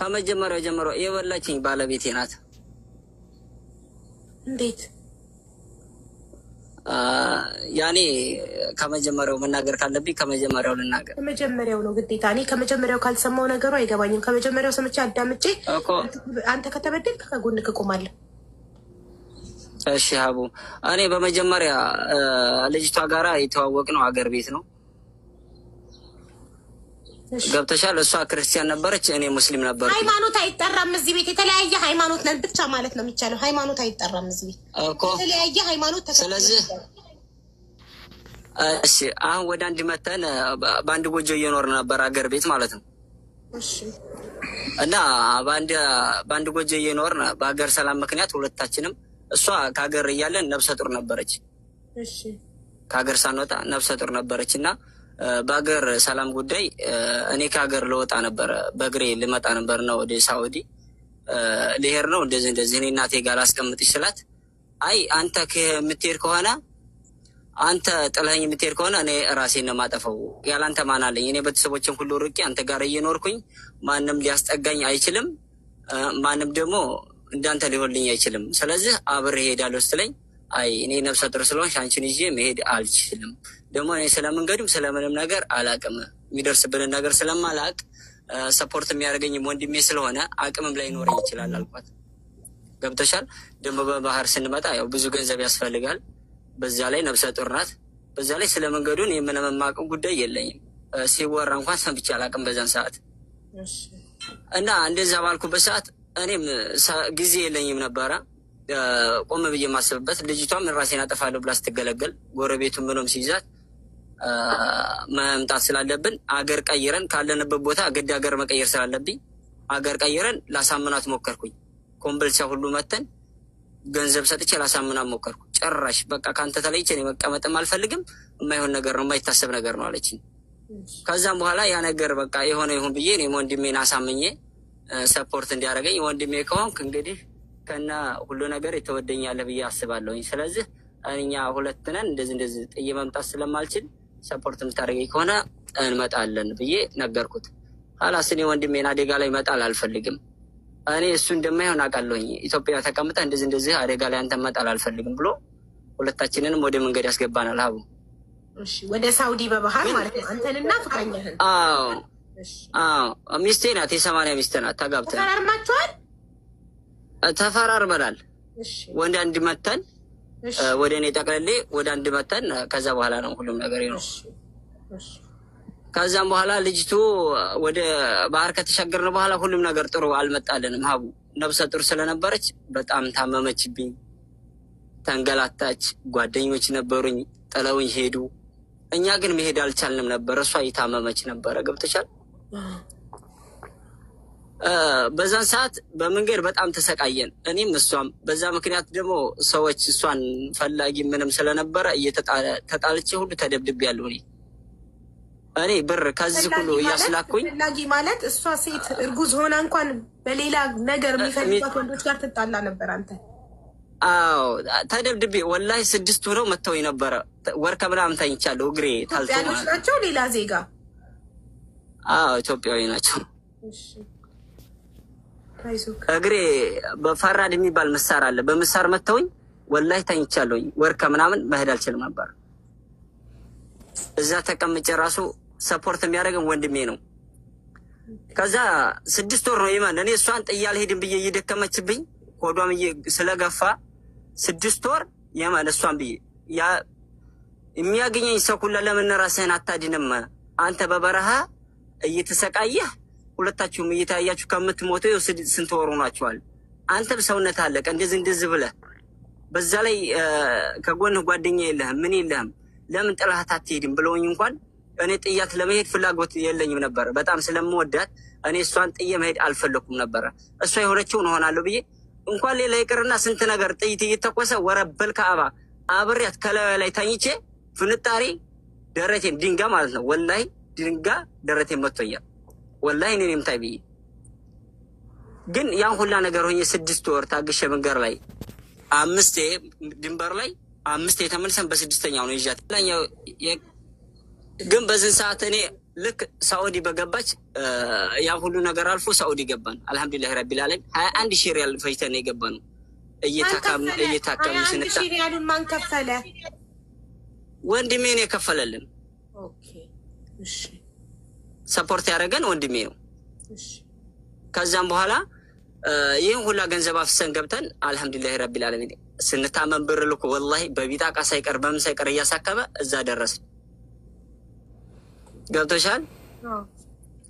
ከመጀመሪያው ጀምሮ የበላችኝ ባለቤቴ ናት። እንዴት ያኔ ከመጀመሪያው መናገር ካለብኝ ከመጀመሪያው ልናገር። ከመጀመሪያው ነው ግዴታ። እኔ ከመጀመሪያው ካልሰማው ነገሩ አይገባኝም። ከመጀመሪያው ሰምቼ አዳምጬ አንተ ከተበደልክ ከጎን እቆማለሁ። እሺ ሀቡ፣ እኔ በመጀመሪያ ልጅቷ ጋራ የተዋወቅ ነው አገር ቤት ነው። ገብተሻል። እሷ ክርስቲያን ነበረች፣ እኔ ሙስሊም ነበር። ሃይማኖት አይጠራም እዚህ ቤት። የተለያየ ሃይማኖት ነን ብቻ ማለት ነው የሚቻለው። ሃይማኖት አይጠራም እዚህ ቤት እኮ የተለያየ ሃይማኖት ተከ እሺ፣ አሁን ወደ አንድ መተን በአንድ ጎጆ እየኖር ነበር አገር ቤት ማለት ነው እና በአንድ ጎጆ እየኖር በሀገር ሰላም ምክንያት ሁለታችንም እሷ ከሀገር እያለን ነብሰ ጡር ነበረች። ከሀገር ሳንወጣ ነብሰ ጡር ነበረች እና በሀገር ሰላም ጉዳይ እኔ ከሀገር ልወጣ ነበረ፣ በእግሬ ልመጣ ነበር ነው ወደ ሳውዲ ልሄድ ነው እንደዚህ እንደዚህ እኔ እናቴ ጋር ላስቀምጥ ይችላት። አይ አንተ የምትሄድ ከሆነ አንተ ጥለኸኝ የምትሄድ ከሆነ እኔ ራሴን ነው የማጠፋው። ያላንተ ማን አለኝ? እኔ ቤተሰቦችን ሁሉ ርቄ አንተ ጋር እየኖርኩኝ ማንም ሊያስጠጋኝ አይችልም፣ ማንም ደግሞ እንዳንተ ሊሆንልኝ አይችልም። ስለዚህ አብሬ እሄዳለሁ ስትለኝ አይ እኔ ነብሰ ጡር ስለሆንሽ አንቺን ይዤ መሄድ አልችልም፣ ደግሞ እኔ ስለመንገዱም ስለምንም ነገር አላቅም፣ የሚደርስብንን ነገር ስለማላቅ ሰፖርት የሚያደርገኝም ወንድሜ ስለሆነ አቅምም ላይኖረኝ ይችላል አልኳት። ገብተሻል። ደግሞ በባህር ስንመጣ ያው ብዙ ገንዘብ ያስፈልጋል። በዛ ላይ ነብሰ ጡር ናት። በዛ ላይ ስለ መንገዱን እኔ ጉዳይ የለኝም። ሲወራ እንኳን ሰምቼ አላቅም በዛን ሰዓት እና እንደዛ ባልኩበት ሰዓት እኔም ጊዜ የለኝም ነበረ ቆም ብዬ የማስብበት ልጅቷም ራሴን አጠፋለሁ ብላ ስትገለገል ጎረቤቱ ምኖም ሲይዛት መምጣት ስላለብን አገር ቀይረን ካለንበት ቦታ ግድ ሀገር መቀየር ስላለብኝ አገር ቀይረን ላሳምናት ሞከርኩኝ። ኮምበልቻ ሁሉ መተን ገንዘብ ሰጥቼ ላሳምናት ሞከርኩ። ጭራሽ በቃ ከአንተ ተለይቼ እኔ መቀመጥም አልፈልግም፣ የማይሆን ነገር ነው፣ የማይታሰብ ነገር ነው አለችኝ። ከዛም በኋላ ያ ነገር በቃ የሆነ ይሁን ብዬ እኔም ወንድሜን አሳምኜ ሰፖርት እንዲያደርገኝ ወንድሜ ከሆንክ እንግዲህ ከነ ሁሉ ነገር የተወደኛለ ብዬ አስባለሁኝ። ስለዚህ እኛ ሁለት ነን፣ እንደዚህ እንደዚህ ጥዬ መምጣት ስለማልችል ሰፖርት የምታደርገኝ ከሆነ እንመጣለን ብዬ ነገርኩት። ኋላስ እኔ ወንድሜን አደጋ ላይ መጣል አልፈልግም። እኔ እሱ እንደማይሆን አውቃለሁኝ። ኢትዮጵያ ተቀምጠ እንደዚህ እንደዚህ አደጋ ላይ አንተ መጣል አልፈልግም ብሎ ሁለታችንንም ወደ መንገድ ያስገባናል። ሀቡ ወደ ሳውዲ በባህር ማለት ነው። አንተንና ፍቅረኛህን ሚስቴ ናት፣ የሰማንያ ሚስቴ ናት። ተጋብተን ተፈራርማችኋል? ተፈራርመናል። ወደ አንድ መተን ወደ እኔ ጠቅለሌ ወደ አንድ መተን ከዛ በኋላ ነው ሁሉም ነገር ነው። ከዛም በኋላ ልጅቱ ወደ ባህር ከተሻገርን በኋላ ሁሉም ነገር ጥሩ አልመጣልንም። ሀቡ ነብሰ ጡር ስለነበረች በጣም ታመመችብኝ፣ ተንገላታች። ጓደኞች ነበሩኝ፣ ጥለውኝ ሄዱ። እኛ ግን መሄድ አልቻልንም ነበር። እሷ እየታመመች ነበረ። ገብተሻል በዛን ሰዓት በመንገድ በጣም ተሰቃየን፣ እኔም እሷም። በዛ ምክንያት ደግሞ ሰዎች እሷን ፈላጊ ምንም ስለነበረ እየተጣልቼ ሁሉ ተደብድቤያለሁ። እኔ እኔ ብር ከዚህ ሁሉ እያስላኩኝ ፈላጊ ማለት እሷ ሴት እርጉዝ ሆና እንኳን በሌላ ነገር የሚፈልጓት ወንዶች ጋር ትጣላ ነበር። አንተ? አዎ ተደብድቤ ወላሂ ስድስት ሆነው መጥተው ነበረ። ወር ከምናምን ተኝቻለሁ። እግሬ ታልቶ ናቸው። ሌላ ዜጋ? አዎ ኢትዮጵያዊ ናቸው። እግሬ በፈራድ የሚባል ምሳር አለ። በምሳር መተውኝ ወላይ ተኝቻለሁኝ። ወርከ ምናምን መሄድ አልችልም ነበር። እዛ ተቀምጬ ራሱ ሰፖርት የሚያደርገን ወንድሜ ነው። ከዛ ስድስት ወር ነው ይመን እኔ እሷን ጥዬ አልሄድም ብዬ እየደከመችብኝ ሆዷም ስለገፋ ስድስት ወር የመን እሷን ብዬ የሚያገኘኝ ሰው ሁላ ለምን ራስህን አታድንም? አንተ በበረሃ እየተሰቃየህ ሁለታችሁም እየታያችሁ ከምትሞቱ የወስድ ስንት ወር ሆኗችኋል? አንተም ሰውነት አለቀ እንደዚህ እንደዚህ ብለህ በዛ ላይ ከጎንህ ጓደኛ የለህም ምን የለህም ለምን ጥላሃት አትሄድም ብለውኝ እንኳን እኔ ጥያት ለመሄድ ፍላጎት የለኝም ነበረ። በጣም ስለምወዳት እኔ እሷን ጥዬ መሄድ አልፈለኩም ነበረ። እሷ የሆነችውን እሆናለሁ ብዬ እንኳን ሌላ ይቅርና ስንት ነገር ጥይት እየተኮሰ ወረበል ከአባ አብሬያት ከላዩ ላይ ታኝቼ ፍንጣሪ ደረቴን ድንጋ ማለት ነው ወላይ ድንጋ ደረቴን መቶኛል። ወላሂ እኔ እኔም ታይ ብዬ ግን ያን ሁላ ነገር ሆኜ ስድስት ወር ታግሼ መንገድ ላይ አምስቴ ድንበር ላይ አምስቴ ተመልሰን በስድስተኛው ነው ይዣት ግን በዚህን ሰዓት እኔ ልክ ሳኡዲ በገባች ያ ሁሉ ነገር አልፎ ሳኡዲ ገባን። አልሐምዱሊላህ ረቢል ዓለሚን ሀያ አንድ ሺህ ሪያል ፈጅተን የገባ ነው እየታከምን ስንታ ሪያሉን ማን ከፈለ? ወንድሜ ነው የከፈለልን። ሰፖርት ያደረገን ወንድሜ ነው። ከዛም በኋላ ይህን ሁላ ገንዘብ አፍሰን ገብተን አልሐምዱሊላህ ረቢል ስንታመን ብር ልኩ ወላሂ በቢጣ ቃ ሳይቀር በምን ሳይቀር እያሳከበ እዛ ደረስን። ገብቶሻል?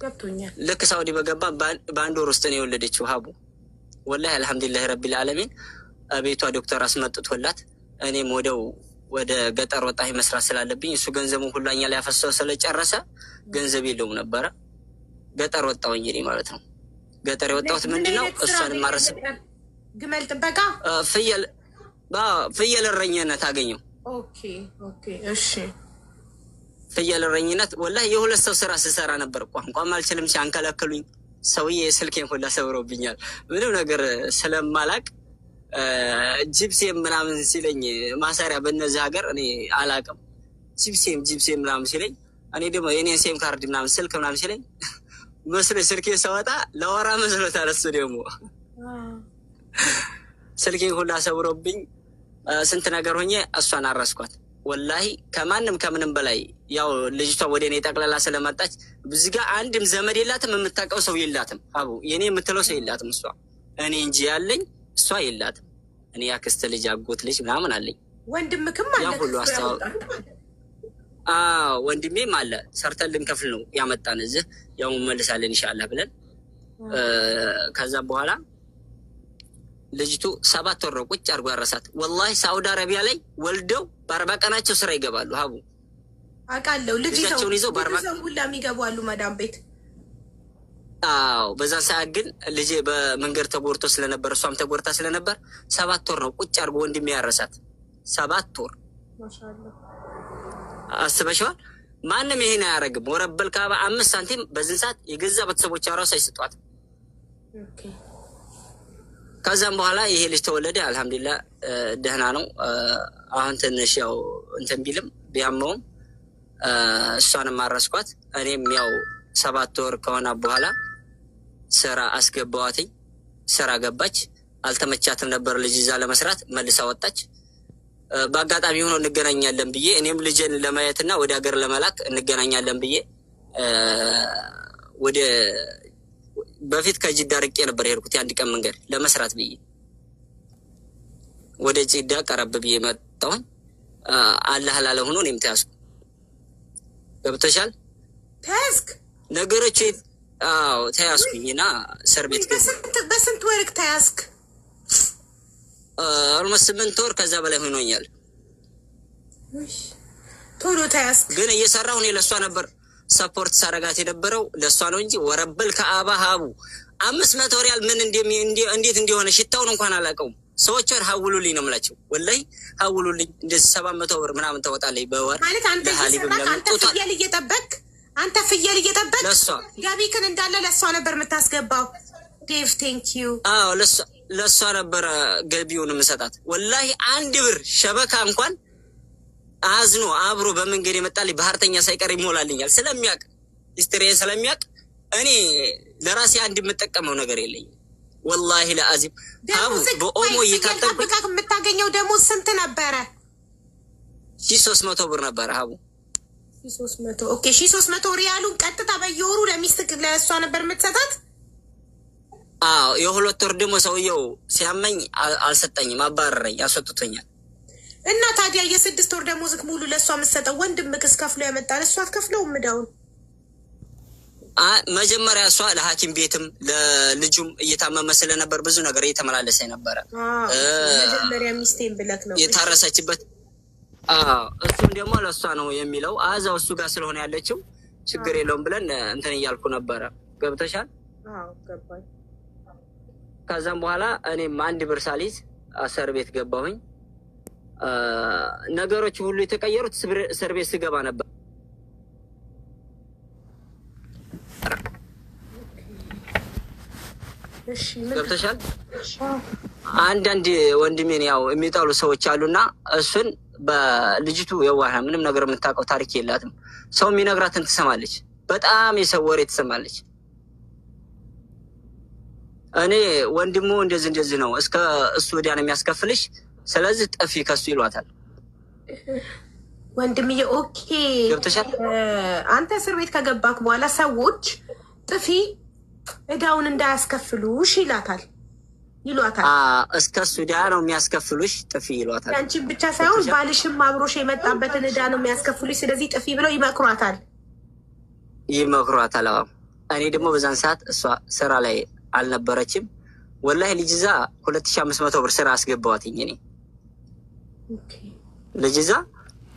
ገብቶኛል። ልክ ሳውዲ በገባ በአንድ ወር ውስጥ ነው የወለደችው ሀቡ። ወላሂ አልሐምዱሊላህ ረቢል ቤቷ ዶክተር አስመጥቶላት እኔም ወደው ወደ ገጠር ወጣ መስራት ስላለብኝ እሱ ገንዘቡ ሁላኛ ላይ ያፈሰው ስለጨረሰ ገንዘብ የለውም ነበረ። ገጠር እንጂ እኔ ማለት ነው። ገጠር የወጣሁት ምንድን ነው? እሷን ማረስ ግመል ጥበቃ፣ ፍየል ፍየል እረኝነት አገኘው። ፍየል እረኝነት ወላ የሁለት ሰው ስራ ስሰራ ነበር። ቋንቋም አልችልም፣ ሲያንከለክሉኝ ሰውዬ ስልኬን ሁላ ሰብረውብኛል። ምንም ነገር ስለማላቅ ጂፕሴም ምናምን ሲለኝ ማሰሪያ በነዚህ ሀገር እኔ አላቅም። ጂፕሴም ጂፕሴም ምናምን ሲለኝ እኔ ደግሞ የኔ ሴም ካርድ ምናምን ስልክ ምናምን ሲለኝ መስሎ ስልኬ ሰወጣ ለወራ መስሎታል። እሱ ደግሞ ስልኬ ሁላ ሰብሮብኝ ስንት ነገር ሆኜ እሷን አረስኳት። ወላሂ ከማንም ከምንም በላይ ያው ልጅቷ ወደ እኔ ጠቅላላ ስለመጣች ብዙ ጋ አንድም ዘመድ የላትም፣ የምታውቀው ሰው የላትም። አቡ የኔ የምትለው ሰው የላትም እሷ እኔ እንጂ ያለኝ እሷ የላትም። እኔ ያክስት ልጅ አጎት ልጅ ምናምን አለኝ። ወንድምክም አለ ሁሉ አስተዋወቅ ወንድሜም አለ። ሰርተን ልንከፍል ነው ያመጣን እዚህ ያው መልሳለን ይሻላል ብለን ከዛም በኋላ ልጅቱ ሰባት ወር ቁጭ አድርጎ ያረሳት። ወላሂ ሳውዲ አረቢያ ላይ ወልደው በአርባ ቀናቸው ስራ ይገባሉ። ሀቡ አውቃለሁ። ልጅ ይዘው ሁላ የሚገቡ አሉ መዳም ቤት አዎ በዛ ሰዓት ግን ልጄ በመንገድ ተጎርቶ ስለነበር እሷም ተጎርታ ስለነበር ሰባት ወር ነው ቁጭ አድርጎ ወንድሜ ያረሳት። ሰባት ወር አስበሽዋል። ማንም ይሄን አያደርግም። ወረበል ካባ አምስት ሳንቲም በዝን ሰዓት የገዛ ቤተሰቦች ራሱ አይሰጧት። ከዛም በኋላ ይሄ ልጅ ተወለደ። አልሐምዱላ ደህና ነው። አሁን ትንሽ ያው እንትን ቢልም ቢያመውም እሷንም አረስኳት። እኔም ያው ሰባት ወር ከሆነ በኋላ ስራ አስገባዋትኝ። ስራ ገባች። አልተመቻትም ነበር ልጅ ይዛ ለመስራት መልሳ ወጣች። በአጋጣሚ ሆኖ እንገናኛለን ብዬ እኔም ልጅን ለማየትና ወደ ሀገር ለመላክ እንገናኛለን ብዬ ወደ በፊት ከጅዳ ርቄ ነበር የሄድኩት የአንድ ቀን መንገድ ለመስራት ብዬ ወደ ጅዳ ቀረብ ብዬ መጣሁኝ። አላህ ላለ ሆኖ እኔም ተያዝኩ። ገብተሻል ነገሮች አዎ ተያዝኩኝ እና እስር ቤት በስንት ወር ተያዝክ? ኦልሞስት ስምንት ወር ከዛ በላይ ሆኖኛል። ቶሎ ተያዝክ? ግን እየሰራሁ እኔ ለእሷ ነበር ሰፖርት ሳረጋት የነበረው ለእሷ ነው እንጂ ወረብል ከአባ ሀቡ አምስት መቶ ሪያል ምን እንዴት እንደሆነ ሽታውን እንኳን አላውቀውም። ሰዎች ወር ሀውሉልኝ ነው የምላቸው። ወላይ ሀውሉልኝ እንደዚህ ሰባት መቶ ብር ምናምን ተወጣለኝ በወር ማለት አንተ እየሰራህ አንተ ፍየል እየጠበቅ አንተ ፍየል እየጠበቅ ገቢክን እንዳለ ለእሷ ነበር የምታስገባው። ዴቭ ዩ። አዎ ለእሷ ነበረ ገቢውን የምሰጣት። ወላሂ አንድ ብር ሸበካ እንኳን አዝኖ አብሮ በመንገድ የመጣልኝ ባህርተኛ ሳይቀር ይሞላልኛል። ስለሚያውቅ ስትሬን ስለሚያውቅ እኔ ለራሴ አንድ የምጠቀመው ነገር የለኝም። ወላሂ ለአዚም በኦሞ እየታጠብቅ የምታገኘው ደሞዝ ስንት ነበረ? ሺ ሶስት መቶ ብር ነበረ ሀቡ ሶስት መቶ ኦኬ ሺ ሶስት መቶ ሪያሉን ቀጥታ በየወሩ ለሚስትክ ለእሷ ነበር የምትሰጣት? አዎ የሁለት ወር ደግሞ ሰውየው ሲያመኝ አልሰጠኝም፣ አባረረኝ፣ አስወጥቶኛል። እና ታዲያ የስድስት ወር ደሞዝክ ሙሉ ለእሷ የምትሰጠው ወንድምክስ ከፍሎ ያመጣል፣ እሷ አትከፍለውም እዳውን። መጀመሪያ እሷ ለሐኪም ቤትም ለልጁም እየታመመ ስለነበር ብዙ ነገር እየተመላለሰ ነበረ። መጀመሪያ ሚስቴን ብለክ ነው የታረሰችበት እሱም ደግሞ ለእሷ ነው የሚለው። አዛው እሱ ጋር ስለሆነ ያለችው ችግር የለውም ብለን እንትን እያልኩ ነበረ። ገብተሻል? ከዛም በኋላ እኔም አንድ ብር ሳልይዝ እስር ቤት ገባሁኝ። ነገሮች ሁሉ የተቀየሩት እስር ቤት ስገባ ነበር። ገብተሻል? አንዳንድ ወንድሜን ያው የሚጠሉ ሰዎች አሉና እሱን በልጅቱ የዋህ ምንም ነገር የምታውቀው ታሪክ የላትም። ሰው የሚነግራትን ትሰማለች። በጣም የሰው ወሬ ትሰማለች። እኔ ወንድሙ እንደዚህ እንደዚህ ነው እስከ እሱ ወዲያ ነው የሚያስከፍልሽ፣ ስለዚህ ጥፊ ከሱ ይሏታል። ወንድምዬ ኦኬ፣ አንተ እስር ቤት ከገባክ በኋላ ሰዎች ጥፊ እዳውን እንዳያስከፍሉሽ ይላታል። ይሏታል። እስከ እሱ ዕዳ ነው የሚያስከፍሉሽ ጥፊ ይሏታል። ያንቺን ብቻ ሳይሆን ባልሽም አብሮሽ የመጣበትን ዕዳ ነው የሚያስከፍሉሽ፣ ስለዚህ ጥፊ ብለው ይመክሯታል ይመክሯታል። እኔ ደግሞ በዛን ሰዓት እሷ ስራ ላይ አልነበረችም። ወላሂ ልጅዛ ሁለት ሺህ አምስት መቶ ብር ስራ አስገባዋትኝ። እኔ ልጅዛ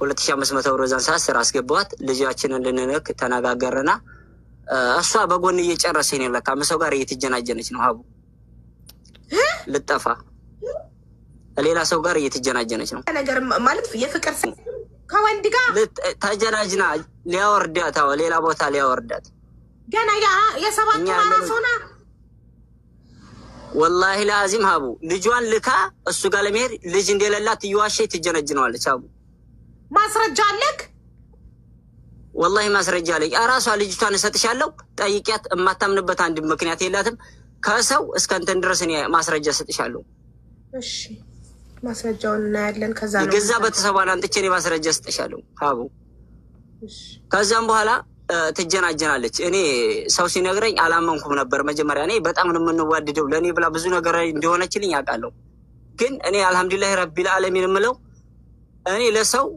ሁለት ሺህ አምስት መቶ ብር በዛን ሰዓት ስራ አስገባዋት። ልጃችንን ልንልክ ተነጋገርና እሷ በጎን እየጨረሰኝ ነው። ለካ ምሰው ጋር እየተጀናጀነች ነው ሀቡ ልጠፋ ከሌላ ሰው ጋር እየተጀናጀነች ነው ነገር ማለት የፍቅር ከወንድ ጋር ተጀናጅና ሊያወርዳት ሌላ ቦታ ሊያወርዳት ገና የሰባት አራስ ሆና ወላሂ ለአዚም ሀቡ ልጇን ልካ እሱ ጋር ለመሄድ ልጅ እንደሌላት እየዋሸ ትጀነጅነዋለች። ሀቡ ማስረጃ አለክ? ወላሂ ማስረጃ አለኝ። እራሷ ልጅቷን እሰጥሻለሁ። ጠይቂያት። የማታምንበት አንድ ምክንያት የላትም። ከሰው እስከ እንትን ድረስ እኔ ማስረጃ ሰጥሻለሁ። ማስረጃውን እናያለን። ከዛ ነው የገዛ ቤተሰቧን አንጥቼ እኔ ማስረጃ ሰጥሻለሁ። ሀቡ ከዛም በኋላ ትጀናጀናለች። እኔ ሰው ሲነግረኝ አላመንኩም ነበር መጀመሪያ። እኔ በጣም ነው የምንዋድደው ለእኔ ብላ ብዙ ነገር እንደሆነችልኝ ያውቃለሁ። ግን እኔ አልሐምዱሊላህ ረቢል ዓለሚን የምለው እኔ ለሰው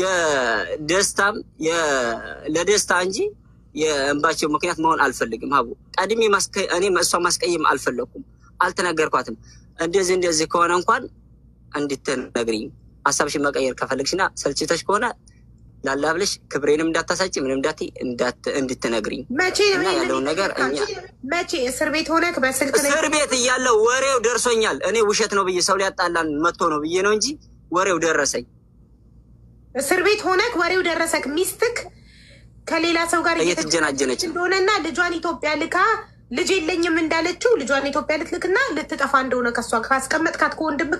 የደስታም ለደስታ እንጂ የእንባቸው ምክንያት መሆን አልፈልግም። ሀቡ ቀድሜ እኔ እሷ ማስቀየም አልፈለኩም፣ አልተነገርኳትም እንደዚህ እንደዚህ ከሆነ እንኳን እንድትነግሪኝ ሀሳብሽን መቀየር ከፈለግሽና ሰልችተሽ ከሆነ ላላብለሽ ክብሬንም እንዳታሳጭ ምንም እንዳት እንድትነግሪኝ ያለውን ነገር መቼ እስር ቤት ሆነ በስልክ እስር ቤት እያለው ወሬው ደርሶኛል። እኔ ውሸት ነው ብዬ ሰው ሊያጣላን መጥቶ ነው ብዬ ነው እንጂ ወሬው ደረሰኝ። እስር ቤት ሆነክ ወሬው ደረሰክ ሚስትክ ከሌላ ሰው ጋር እየተጀናጀነች እንደሆነና ልጇን ኢትዮጵያ ልካ ልጅ የለኝም እንዳለችው ልጇን ኢትዮጵያ ልትልክና ልትጠፋ እንደሆነ ከሷ ካስቀመጥካት ከወንድም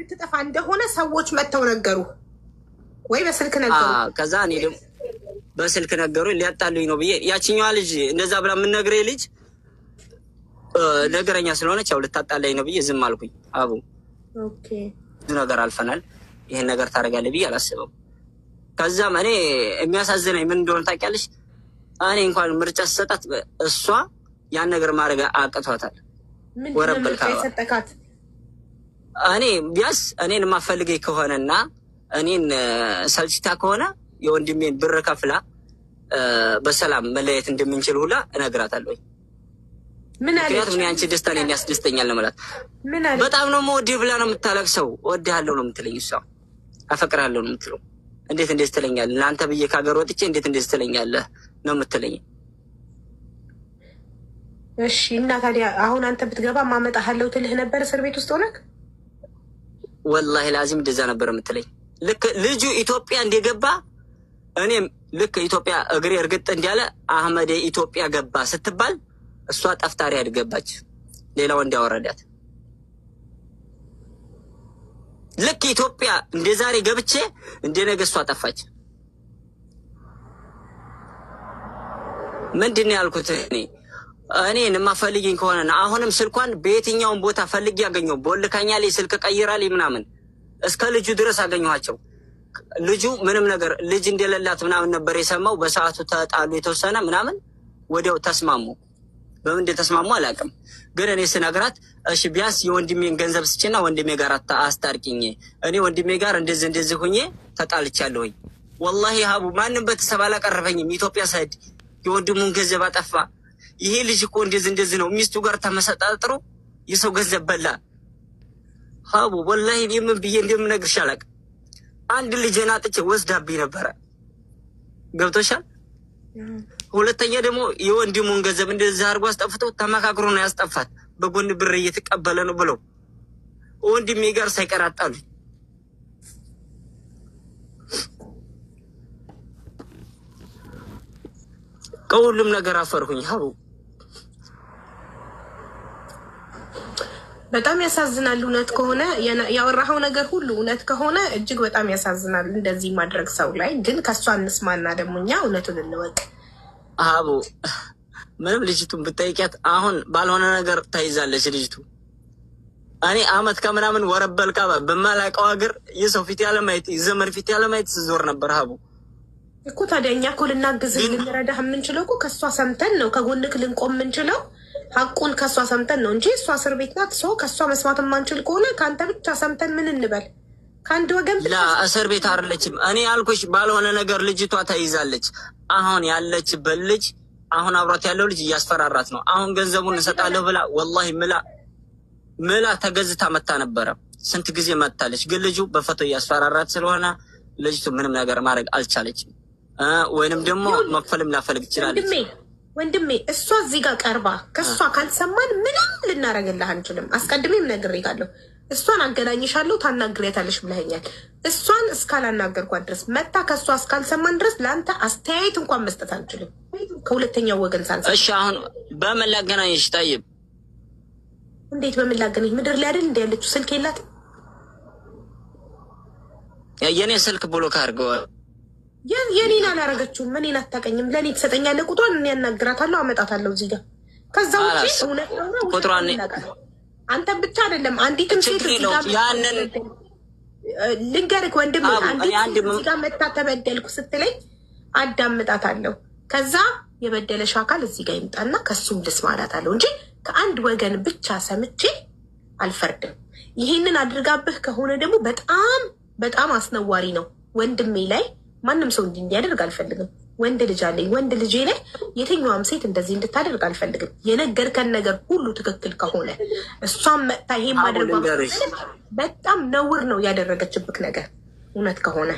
ልትጠፋ እንደሆነ ሰዎች መጥተው ነገሩ ወይ በስልክ ነገሩ። ከዛ እኔ ደግሞ በስልክ ነገሩ ሊያጣሉኝ ነው ብዬ ያችኛዋ ልጅ እንደዛ ብላ የምነግሬ ልጅ ነገረኛ ስለሆነች ያው ልታጣላኝ ነው ብዬ ዝም አልኩኝ። አቡ ብዙ ነገር አልፈናል፣ ይህን ነገር ታደርጋለህ ብዬ አላስበም። ከዛም እኔ የሚያሳዝነኝ ምን እንደሆነ ታውቂያለሽ? እኔ እንኳን ምርጫ ስሰጣት እሷ ያን ነገር ማድረግ አቅቷታል። ወረበል እኔ ቢያስ እኔን የማፈልገኝ ከሆነና እኔን ሰልችታ ከሆነ የወንድሜን ብር ከፍላ በሰላም መለየት እንደምንችል ሁላ እነግራታለሁ። ምክንያቱም እኔ አንቺ ደስታ የሚያስደስተኛል ለመላት በጣም ነው የምወድህ ብላ ነው የምታለቅሰው። እወድሃለሁ ነው የምትለኝ እሷ። አፈቅራለሁ ነው የምትለው እንዴት እንዴት ትለኛለህ? ለአንተ ብዬ ከሀገር ወጥቼ እንዴት እንዴት ትለኛለህ ነው የምትለኝ። እሺ እና ታዲያ አሁን አንተ ብትገባ ማመጣሃለው ትልህ ነበር እስር ቤት ውስጥ ሆነክ? ወላሂ ላዚም እንደዛ ነበር የምትለኝ። ልክ ልጁ ኢትዮጵያ እንደገባ እኔም ልክ ኢትዮጵያ እግሬ እርግጥ እንዳለ አህመድ ኢትዮጵያ ገባ ስትባል እሷ ጠፍታሪ አድገባች ሌላ ወንድ ልክ ኢትዮጵያ እንደ ዛሬ ገብቼ እንደ ነገ እሷ ጠፋች። ምንድን ነው ያልኩት? እኔ እኔን የማፈልጊኝ ከሆነ አሁንም ስልኳን በየትኛውን ቦታ ፈልጌ ያገኘው በወልካኛ ላይ ስልክ ቀይራልኝ ምናምን እስከ ልጁ ድረስ አገኘኋቸው። ልጁ ምንም ነገር ልጅ እንደሌላት ምናምን ነበር የሰማው። በሰዓቱ ተጣሉ የተወሰነ ምናምን፣ ወዲያው ተስማሙ። በምን እንደተስማሙ አላውቅም። ግን እኔ ስነግራት እሺ ቢያንስ የወንድሜን ገንዘብ ስጭና ወንድሜ ጋር አስታርቅኝ። እኔ ወንድሜ ጋር እንደዚህ እንደዚህ ሁኜ ተጣልቻለሁኝ። ወላሂ ሀቡ ማንም ቤተሰብ አላቀረበኝም። ኢትዮጵያ ሰድ የወንድሙን ገንዘብ አጠፋ። ይሄ ልጅ እኮ እንደዚህ እንደዚህ ነው። ሚስቱ ጋር ተመሰጣጥሮ የሰው ገንዘብ በላ። ሀቡ ወላሂ የምን ብዬ እንደምነግርሽ አላውቅም። አንድ ልጅ ናጥቼ ወስዳብኝ ነበረ። ገብቶሻል ሁለተኛ ደግሞ የወንድሙን ገንዘብ እንደዚህ አድርጎ አስጠፍቶ ተመካክሮ ነው ያስጠፋት። በጎን ብር እየተቀበለ ነው ብለው ወንድሜ ጋር ሳይቀራጣሉ ከሁሉም ነገር አፈርሁኝ። ሀቡ በጣም ያሳዝናል። እውነት ከሆነ ያወራኸው ነገር ሁሉ እውነት ከሆነ እጅግ በጣም ያሳዝናል። እንደዚህ ማድረግ ሰው ላይ ግን ከእሷ እንስማና ደግሞ እኛ እውነቱን እንወቅ። ሀቡ ምንም ልጅቱን ብጠይቂያት አሁን ባልሆነ ነገር ተይዛለች ልጅቱ። እኔ አመት ከምናምን ወረበልካ በማላውቀው ሀገር የሰው ፊት ያለማየት የዘመድ ፊት ያለማየት ስዞር ነበር ሀቡ እኮ ታዲያ እኛ እኮ ልናግዝህ ልንረዳህ የምንችለው እኮ ከእሷ ሰምተን ነው። ከጎንክ ልንቆም የምንችለው ሀቁን ከእሷ ሰምተን ነው እንጂ እሷ እስር ቤት ናት። ሰው ከእሷ መስማት የማንችል ከሆነ ከአንተ ብቻ ሰምተን ምን እንበል? ከአንድ ወገን ብላ እስር ቤት አይደለችም። እኔ አልኩሽ ባልሆነ ነገር ልጅቷ ተይዛለች። አሁን ያለችበት ልጅ አሁን አብሯት ያለው ልጅ እያስፈራራት ነው። አሁን ገንዘቡን እንሰጣለሁ ብላ ወላሂ ምላ ምላ ተገዝታ መታ ነበረ። ስንት ጊዜ መታለች፣ ግን ልጁ በፈቶ እያስፈራራት ስለሆነ ልጅቱ ምንም ነገር ማድረግ አልቻለችም። ወይንም ደግሞ መክፈልም ላፈልግ ይችላለች። ወንድሜ እሷ እዚህ ጋር ቀርባ ከእሷ ካልሰማን ምንም ልናረግልህ አንችልም። አስቀድሜም ነግሬሃለሁ። እሷን አገናኝሻለሁ ታናግሪያታለሽ ብለኸኛል። እሷን እስካላናገርኳት ድረስ መታ ከእሷ እስካልሰማን ድረስ ለአንተ አስተያየት እንኳን መስጠት አንችልም፣ ከሁለተኛው ወገን ሳንሰማ። እሺ አሁን በምን ላገናኝሽ? ታይብ እንዴት በምን ላገናኝ? ምድር ላይ አይደል እንደ ያለችው ስልክ የላት የኔ ስልክ ብሎክ አድርገዋል። የኔን አላረገችውም። እኔን አታቀኝም። ለእኔ ትሰጠኛለህ ቁጥሯን፣ እኔ ያናግራታለሁ፣ አመጣታለሁ እዚህ ጋር ከዛ ውጭ እውነት ቁጥሯን አንተን ብቻ አይደለም አንዲትም ሴት ያንን ልንገርህ ወንድም አንዲት ጋር መታ ተበደልኩ ስትለኝ አዳምጣታለሁ። ከዛ የበደለሽ አካል እዚህ ጋር ይምጣና ከሱም ልስማ አለው እንጂ ከአንድ ወገን ብቻ ሰምቼ አልፈርድም። ይህንን አድርጋብህ ከሆነ ደግሞ በጣም በጣም አስነዋሪ ነው። ወንድሜ ላይ ማንም ሰው እንዲያደርግ አልፈልግም። ወንድ ልጅ አለኝ። ወንድ ልጄ ላይ የትኛዋም ሴት እንደዚህ እንድታደርግ አልፈልግም። የነገርከን ነገር ሁሉ ትክክል ከሆነ እሷም መጥታ ይሄ ማድረግ በጣም ነውር ነው ያደረገችብክ ነገር እውነት ከሆነ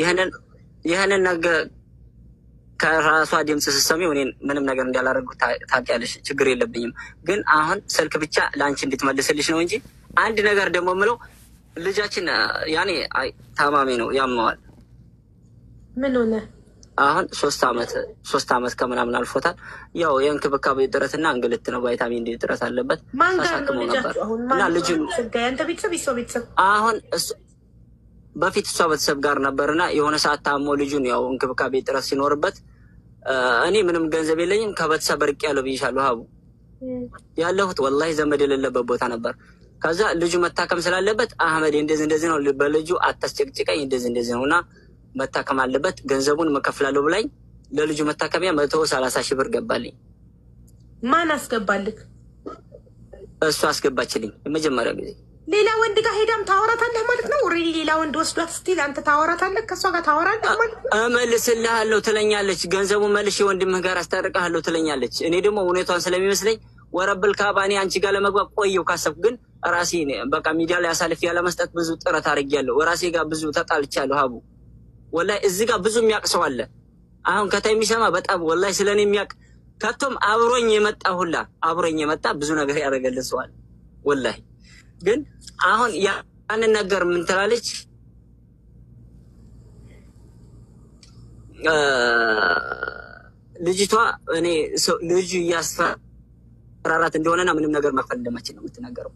ይህንን ነገር ከራሷ ድምፅ ስሰሚ እኔን ምንም ነገር እንዳላደረጉ ታውቂያለሽ። ችግር የለብኝም። ግን አሁን ስልክ ብቻ ለአንቺ እንድትመልስልሽ ነው እንጂ አንድ ነገር ደግሞ ምለው ልጃችን ያኔ ታማሚ ነው ያመዋል። ምን ሆነ አሁን ሶስት ዓመት ሶስት ዓመት ከምናምን አልፎታል። ያው የእንክብካቤ እጥረትና እንግልት ነው። ቫይታሚን ዲ እጥረት አለበት። ሳሳክመው ነበር እና ልጁ አሁን በፊት እሷ ቤተሰብ ጋር ነበርና የሆነ ሰዓት ታሞ ልጁን ያው እንክብካቤ እጥረት ሲኖርበት እኔ ምንም ገንዘብ የለኝም ከቤተሰብ ርቅ ያለው ብይሻሉ ሀቡ ያለሁት ወላሂ ዘመድ የሌለበት ቦታ ነበር። ከዛ ልጁ መታከም ስላለበት አህመድ እንደዚህ እንደዚህ ነው በልጁ አታስጨቅጭቀኝ እንደዚህ እንደዚህ ነው እና መታከም አለበት፣ ገንዘቡን መከፍላለሁ ብላኝ ለልጁ መታከሚያ መቶ ሰላሳ ሺህ ብር ገባልኝ። ማን አስገባልክ? እሱ አስገባችልኝ። የመጀመሪያ ጊዜ ሌላ ወንድ ጋር ሄዳም ታወራታለህ ማለት ነው። ኦልሬዲ ሌላ ወንድ ወስዷት ስትል አንተ ታወራታለህ፣ ከእሷ ጋር ታወራለህ ማለት ነው። እመልስልሃለሁ ትለኛለች፣ ገንዘቡ መልሼ ወንድምህ ጋር አስታርቅሃለሁ ትለኛለች። እኔ ደግሞ ሁኔቷን ስለሚመስለኝ ወረብል ካባኔ አንቺ ጋር ለመግባት ቆየው ካሰብኩ ግን ራሴ በቃ ሚዲያ ላይ አሳልፍ ያለመስጠት ብዙ ጥረት አድርጌያለሁ። ራሴ ጋር ብዙ ተጣልቻለሁ ሀቡ ወላሂ እዚህ ጋር ብዙ የሚያውቅ ሰው አለ። አሁን ከታ የሚሰማ በጣም ወላሂ ስለኔ የሚያውቅ ከቶም አብሮኝ የመጣ ሁላ አብሮኝ የመጣ ብዙ ነገር ያደረገልን ሰው አለ። ወላሂ ግን አሁን ያንን ነገር ምን ትላለች ልጅቷ እኔ ልጁ እያስፈራራት እንደሆነና ምንም ነገር መክፈል እንደማችል ነው የምትናገረው።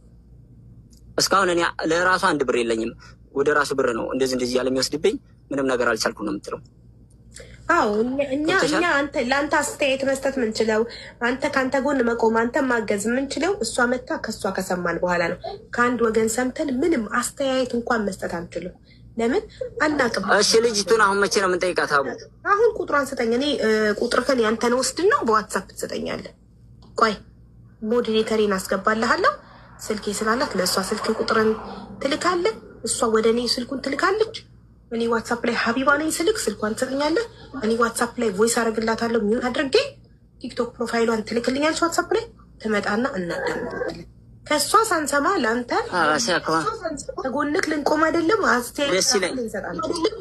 እስካሁን እኔ ለራሱ አንድ ብር የለኝም፣ ወደ ራሱ ብር ነው እንደዚህ እንደዚህ ያለ የሚወስድብኝ ምንም ነገር አልቻልኩ ነው የምትለው። አዎ እኛ እኛ አንተ ለአንተ አስተያየት መስጠት ምንችለው አንተ ከአንተ ጎን መቆም አንተ ማገዝ የምንችለው እሷ መታ ከእሷ ከሰማን በኋላ ነው። ከአንድ ወገን ሰምተን ምንም አስተያየት እንኳን መስጠት አንችልም። ለምን አናቅም? እሺ ልጅቱን አሁን መቼ ነው የምንጠይቃት? አቡ አሁን ቁጥሯን ስጠኝ። እኔ ቁጥርህን ያንተን ወስድና በዋትሳፕ ትሰጠኛለህ። ቆይ ሞዲሬተሪን አስገባልሃለሁ። ስልኬ ስላላት ለእሷ ስልክ ቁጥርን ትልካለህ። እሷ ወደ እኔ ስልኩን ትልካለች። እኔ ዋትሳፕ ላይ ሀቢባ ነኝ ስልክ ስልኳን ትሰጠኛለህ። እኔ ዋትሳፕ ላይ ቮይስ አደርግላታለሁ። ሚሆን አድርጌ ቲክቶክ ፕሮፋይሏን ትልክልኛለች። ዋትሳፕ ላይ ትመጣና እናዳምጣለን። ከእሷ ሳንሰማ ለአንተ ተጎንክ ልንቆም አይደለም አስቴ ልንሰጥ